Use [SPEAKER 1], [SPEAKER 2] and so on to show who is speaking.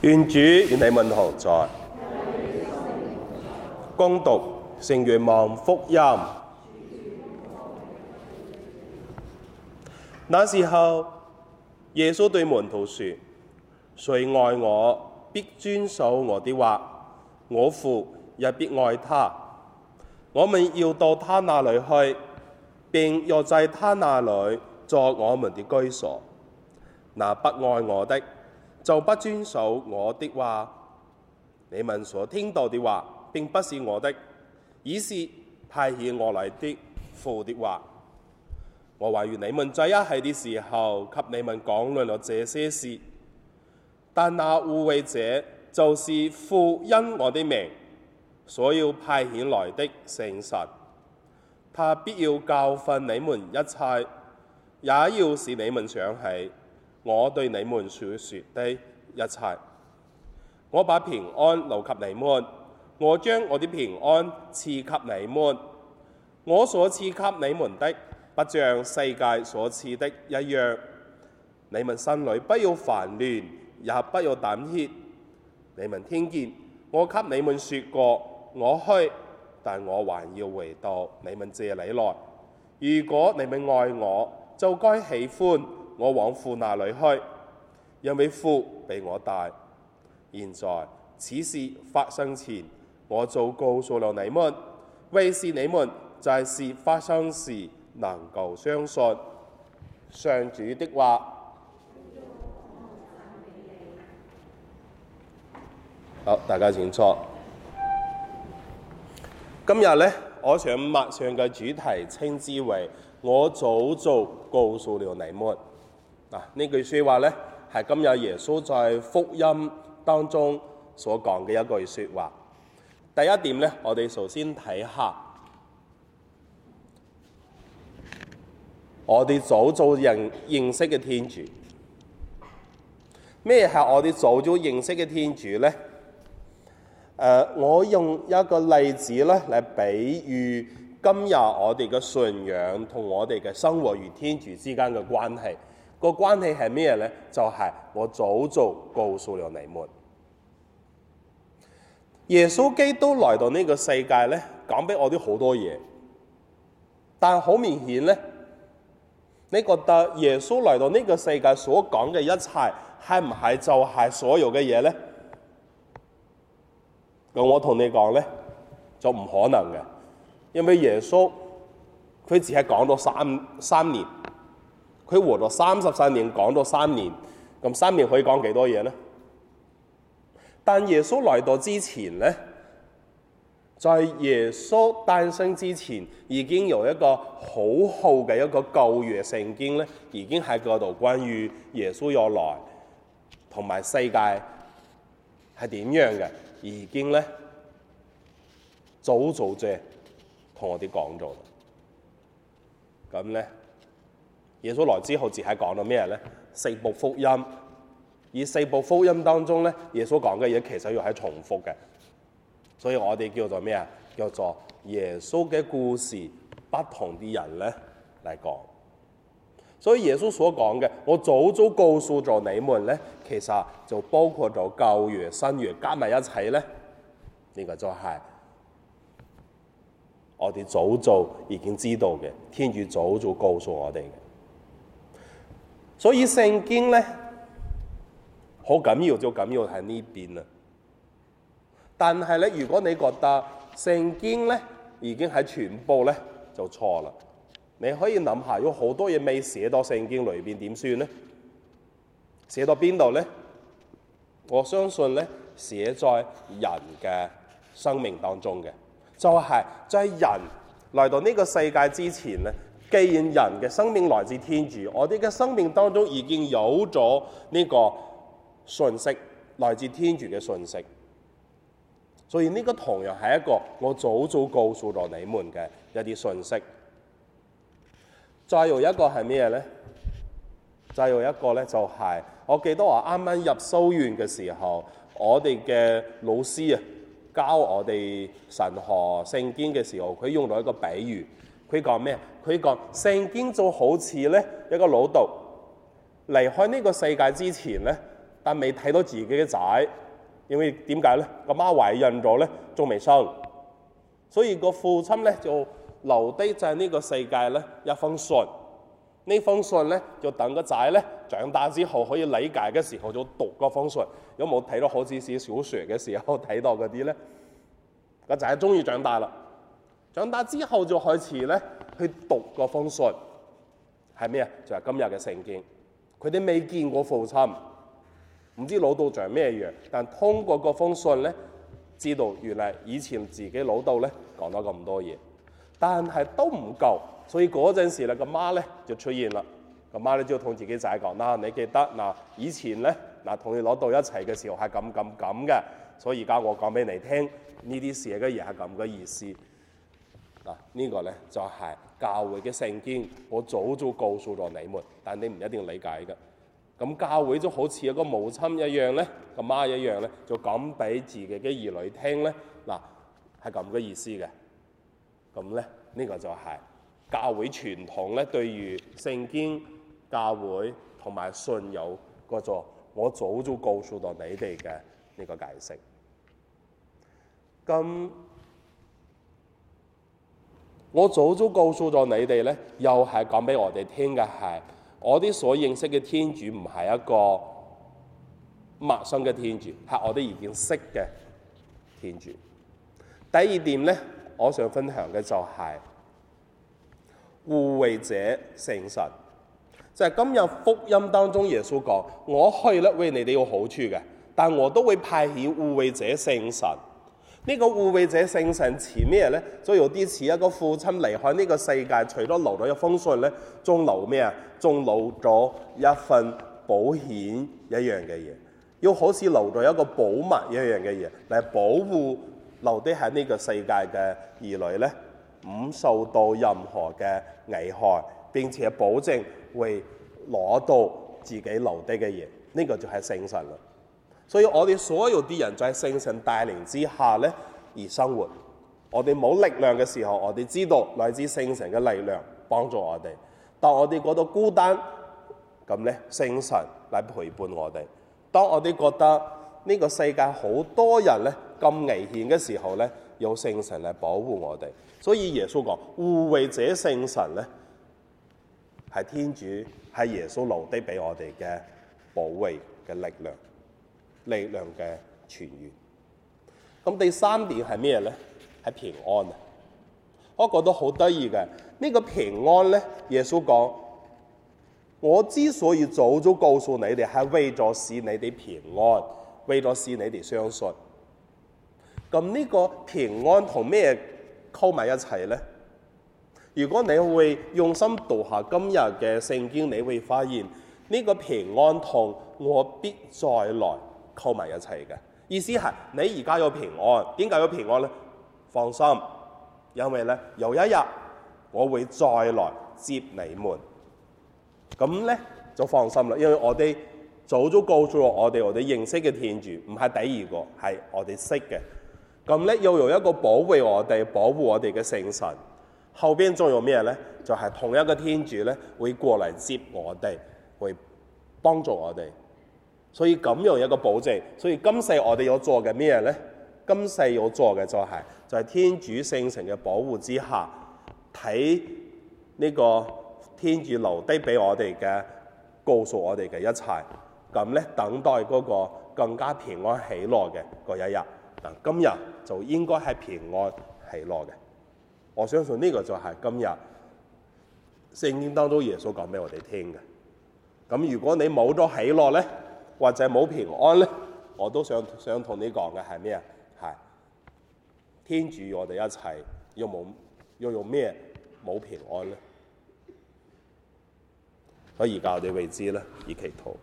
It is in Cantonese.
[SPEAKER 1] 願主與你們同在，恭讀聖若望福音。那時候，耶穌對門徒說：誰愛我，必遵守我的話，我父也必愛他。我們要到他那裏去，並要在他那裏作我們的居所。那不愛我的，就不遵守我的話，你們所聽到的話並不是我的，而是派遣我嚟的父的話。我還與你們在一起的時候，給你們講論了這些事。但那護衛者就是父因我的名，所要派遣來的聖神。他必要教訓你們一切，也要使你們想起。我對你們所說的一切，我把平安留給你們，我將我的平安賜給你們。我所賜給你們的，不像世界所賜的一樣。你們心裏不要煩亂，也不要膽怯。你們聽見我給你們說過，我去，但我還要回到你們這裏來。如果你們愛我，就該喜歡。我往父那裏去，因為父比我大。現在此事發生前，我早告訴了你們，為是你們在事發生時能夠相信上主的話。好，大家請坐。今日呢，我想默上嘅主題稱之為：我早就告訴了你們。嗱，呢句說話咧，係今日耶穌在福音當中所講嘅一句說話。第一點咧，我哋首先睇下，我哋早早認識嘅天主。咩係我哋早早認識嘅天主咧？誒，我用一個例子咧嚟比喻今日我哋嘅信仰同我哋嘅生活與天主之間嘅關係。個關係係咩咧？就係、是、我早早告訴了你們，耶穌基督來到呢個世界咧，講俾我啲好多嘢。但好明顯咧，你覺得耶穌來到呢個世界所講嘅一切係唔係就係所有嘅嘢咧？咁我同你講咧，就唔可能嘅，因為耶穌佢只係講咗三三年。佢活咗三十三年，講咗三年，咁三年可以講幾多嘢呢？但耶穌來到之前咧，在耶穌誕生之前，已經有一個好好嘅一個舊約聖經咧，已經喺嗰度關於耶穌有來同埋世界係點樣嘅，已經咧早早就同我哋講咗，咁咧。耶穌來之後，只係講到咩咧？四部福音，而四部福音當中咧，耶穌講嘅嘢其實又係重複嘅，所以我哋叫做咩啊？叫做耶穌嘅故事，不同啲人咧嚟講。所以耶穌所講嘅，我早早告訴咗你們咧，其實就包括咗舊約、新約加埋一齊咧，呢個就係我哋早早已經知道嘅，天主早早告訴我哋嘅。所以聖經咧，好緊要就緊要喺呢邊啦。但係咧，如果你覺得聖經咧已經喺全部咧，就錯啦。你可以諗下，有好多嘢未寫到聖經裏邊點算咧？寫到邊度咧？我相信咧，寫在人嘅生命當中嘅，就係、就係在人來到呢個世界之前咧。既然人嘅生命來自天主，我哋嘅生命當中已經有咗呢個信息，來自天主嘅信息，所以呢個同樣係一個我早早告訴到你們嘅一啲信息。再有一個係咩呢？再有一個呢，就係，就係我記得我啱啱入修院嘅時候，我哋嘅老師啊教我哋神學聖經嘅時候，佢用到一個比喻。佢講咩？佢講聖經就好似咧一個老豆離開呢個世界之前咧，但未睇到自己嘅仔，因為點解咧？個媽懷孕咗咧，仲未生，所以個父親咧就留低就係呢個世界咧一封信。呢封信咧就等個仔咧長大之後可以理解嘅時候就讀嗰封信。有冇睇到好似是小説嘅時候睇到嗰啲咧，個仔終於長大啦。長大之後就開始咧去讀嗰封信，係咩啊？就係、是、今日嘅聖經。佢哋未見過父親，唔知老道長咩樣，但通過嗰封信咧，知道原來以前自己老道咧講咗咁多嘢，但係都唔夠，所以嗰陣時咧個媽咧就出現啦。個媽咧就同自己仔講：啦、啊：「你記得嗱、啊，以前咧嗱同你老道一齊嘅時候係咁咁咁嘅，所以而家我講俾你聽呢啲寫嘅嘢係咁嘅意思。這個、呢個咧就係、是、教會嘅聖經，我早早告訴咗你們，但你唔一定理解嘅。咁教會就好似一個母親一樣咧，阿 媽一樣咧，就講俾自己嘅兒女聽咧。嗱，係咁嘅意思嘅。咁咧，呢、這個就係教會傳統咧，對於聖經、教會同埋信友嗰座，我早早告訴到你哋嘅呢個解釋。咁。我早早告訴咗你哋咧，又係講俾我哋聽嘅係，我啲所認識嘅天主唔係一個陌生嘅天主，係我哋已經識嘅天主。第二點咧，我想分享嘅就係護衞者聖神，就係、是、今日福音當中耶穌講：我去以咧為你哋有好處嘅，但我都會派遣護衞者聖神。呢個護衞者聖神似咩咧？所以有啲似一個父親離開呢個世界，除咗留咗一封信咧，仲留咩啊？仲留咗一份保險一樣嘅嘢，又好似留咗一個保密一樣嘅嘢，嚟保護留低喺呢個世界嘅兒女呢唔受到任何嘅危害，並且保證會攞到自己留低嘅嘢。呢個就係聖神啦。所以我哋所有啲人在聖神帶領之下咧而生活。我哋冇力量嘅時候，我哋知道來自聖神嘅力量幫助我哋。當我哋覺得孤單，咁咧聖神嚟陪伴我哋。當我哋覺得呢個世界好多人咧咁危險嘅時候咧，有聖神嚟保護我哋。所以耶穌講護衛者聖神咧，係天主係耶穌留低俾我哋嘅保衛嘅力量。力量嘅泉源。咁第三點係咩咧？係平安啊！我覺得好得意嘅呢個平安咧。耶穌講：我之所以早早告訴你哋，係為咗使你哋平安，為咗使你哋相信。咁呢個平安同咩溝埋一齊咧？如果你會用心讀下今日嘅聖經，你會發現呢個平安同我必再來。扣埋一齊嘅意思係，你而家有平安，點解有平安咧？放心，因為咧有一日我會再來接你們，咁咧就放心啦。因為我哋早早告訴咗我哋，我哋認識嘅天主唔係第二個，係我哋識嘅。咁咧又有一個保護我哋、保護我哋嘅聖神。後邊仲有咩咧？就係同一個天主咧會過嚟接我哋，會幫助我哋。所以咁樣一個保證，所以今世我哋要做嘅咩嘢咧？今世要做嘅就係，就係天主聖神嘅保護之下，睇呢個天主留低俾我哋嘅，告訴我哋嘅一切。咁咧，等待嗰個更加平安喜樂嘅嗰一日。嗱，今日就應該係平安喜樂嘅。我相信呢個就係今日聖經當中耶穌講俾我哋聽嘅。咁如果你冇咗喜樂咧？或者冇平安呢，我都想想同你講嘅係咩啊？係天主我哋一齊，要用咩冇平安呢？可以教你未知呢，以祈禱。